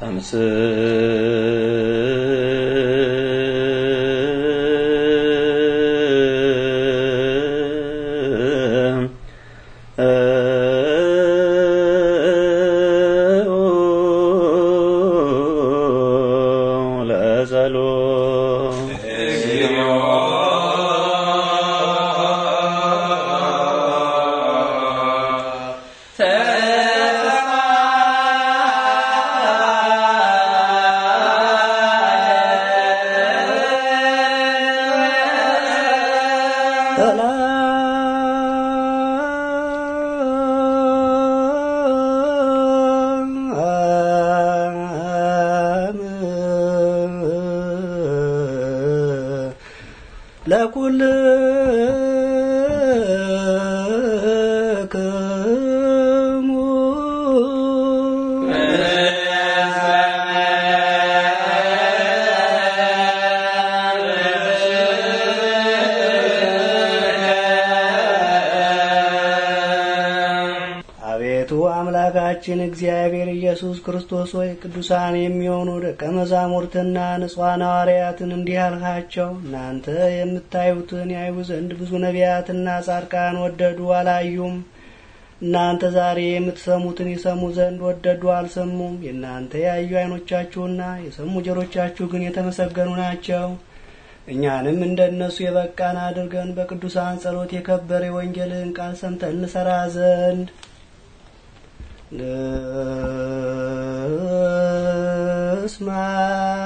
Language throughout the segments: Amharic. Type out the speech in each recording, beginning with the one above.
他是。la la አምላካችን እግዚአብሔር ኢየሱስ ክርስቶስ ሆይ ቅዱሳን የሚሆኑ ደቀ መዛሙርትና ንጹሐን ሐዋርያትን እንዲህ አልካቸው፣ እናንተ የምታዩትን ያዩ ዘንድ ብዙ ነቢያትና ጻድቃን ወደዱ፣ አላዩም። እናንተ ዛሬ የምትሰሙትን የሰሙ ዘንድ ወደዱ፣ አልሰሙም። የእናንተ ያዩ ዓይኖቻችሁና የሰሙ ጆሮቻችሁ ግን የተመሰገኑ ናቸው። እኛንም እንደ እነሱ የበቃን አድርገን በቅዱሳን ጸሎት የከበረ ወንጌልን ቃል ሰምተን እንሰራ ዘንድ smile.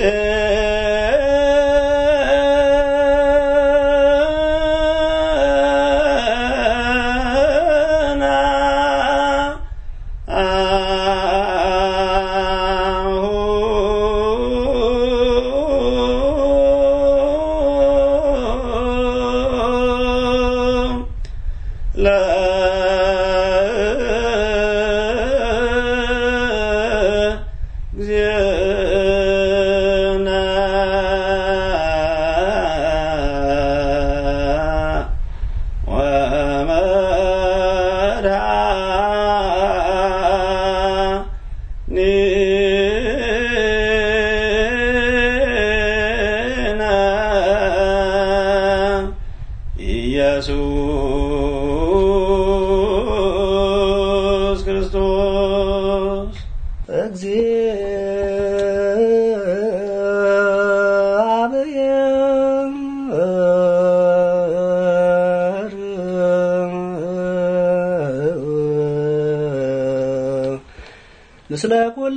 yeah. ምስለ ኩል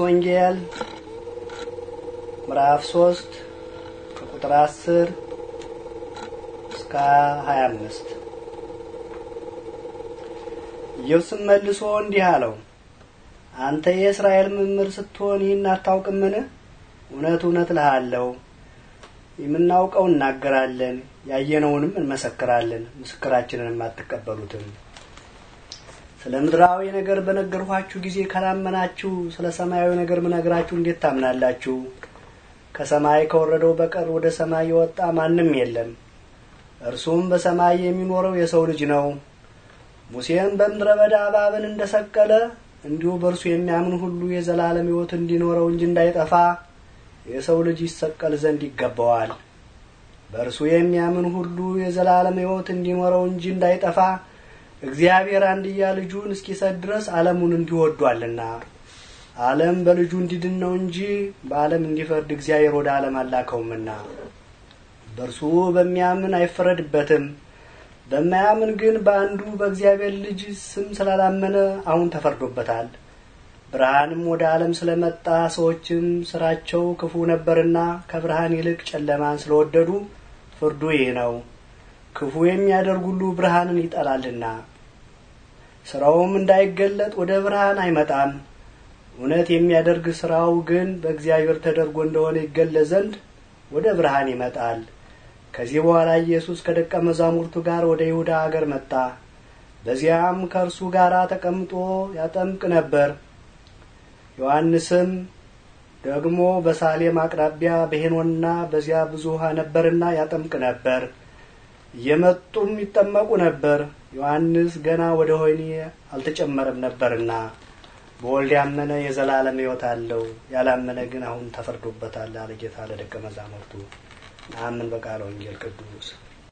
የዮሐንስ ወንጌል ምዕራፍ 3 ከቁጥር 10 እስከ 25 ኢየሱስም መልሶ እንዲህ አለው፣ አንተ የእስራኤል መምህር ስትሆን ይህን አታውቅምን? እውነት እውነት እልሃለሁ የምናውቀው እናገራለን፣ ያየነውንም እንመሰክራለን፣ ምስክራችንንም አትቀበሉትም። ስለ ምድራዊ ነገር በነገርኋችሁ ጊዜ ካላመናችሁ ስለ ሰማያዊ ነገር ብነግራችሁ እንዴት ታምናላችሁ? ከሰማይ ከወረደው በቀር ወደ ሰማይ የወጣ ማንም የለም። እርሱም በሰማይ የሚኖረው የሰው ልጅ ነው። ሙሴም በምድረ በዳ እባብን እንደሰቀለ እንዲሁ በእርሱ የሚያምን ሁሉ የዘላለም ሕይወት እንዲኖረው እንጂ እንዳይጠፋ የሰው ልጅ ይሰቀል ዘንድ ይገባዋል። በእርሱ የሚያምን ሁሉ የዘላለም ሕይወት እንዲኖረው እንጂ እንዳይጠፋ እግዚአብሔር አንድያ ልጁን እስኪሰጥ ድረስ ዓለሙን እንዲወዷልና ዓለም በልጁ እንዲድን ነው እንጂ በዓለም እንዲፈርድ እግዚአብሔር ወደ ዓለም አላከውምና በእርሱ በሚያምን አይፈረድበትም። በማያምን ግን በአንዱ በእግዚአብሔር ልጅ ስም ስላላመነ አሁን ተፈርዶበታል። ብርሃንም ወደ ዓለም ስለመጣ ሰዎችም ስራቸው ክፉ ነበርና ከብርሃን ይልቅ ጨለማን ስለወደዱ ፍርዱ ይህ ነው። ክፉ የሚያደርግ ሁሉ ብርሃንን ይጠላልና ስራውም እንዳይገለጥ ወደ ብርሃን አይመጣም። እውነት የሚያደርግ ስራው ግን በእግዚአብሔር ተደርጎ እንደሆነ ይገለጥ ዘንድ ወደ ብርሃን ይመጣል። ከዚህ በኋላ ኢየሱስ ከደቀ መዛሙርቱ ጋር ወደ ይሁዳ አገር መጣ። በዚያም ከእርሱ ጋር ተቀምጦ ያጠምቅ ነበር። ዮሐንስም ደግሞ በሳሌም አቅራቢያ በሄኖና በዚያ ብዙ ውሃ ነበርና ያጠምቅ ነበር። እየመጡም ይጠመቁ ነበር። ዮሐንስ ገና ወደ ሆይኒ አልተጨመረም ነበርና በወልድ ያመነ የዘላለም ሕይወት አለው፣ ያላመነ ግን አሁን ተፈርዶበታል አለ ጌታ ለደቀ መዛሙርቱ። ነአምን በቃለ ወንጌል ቅዱስ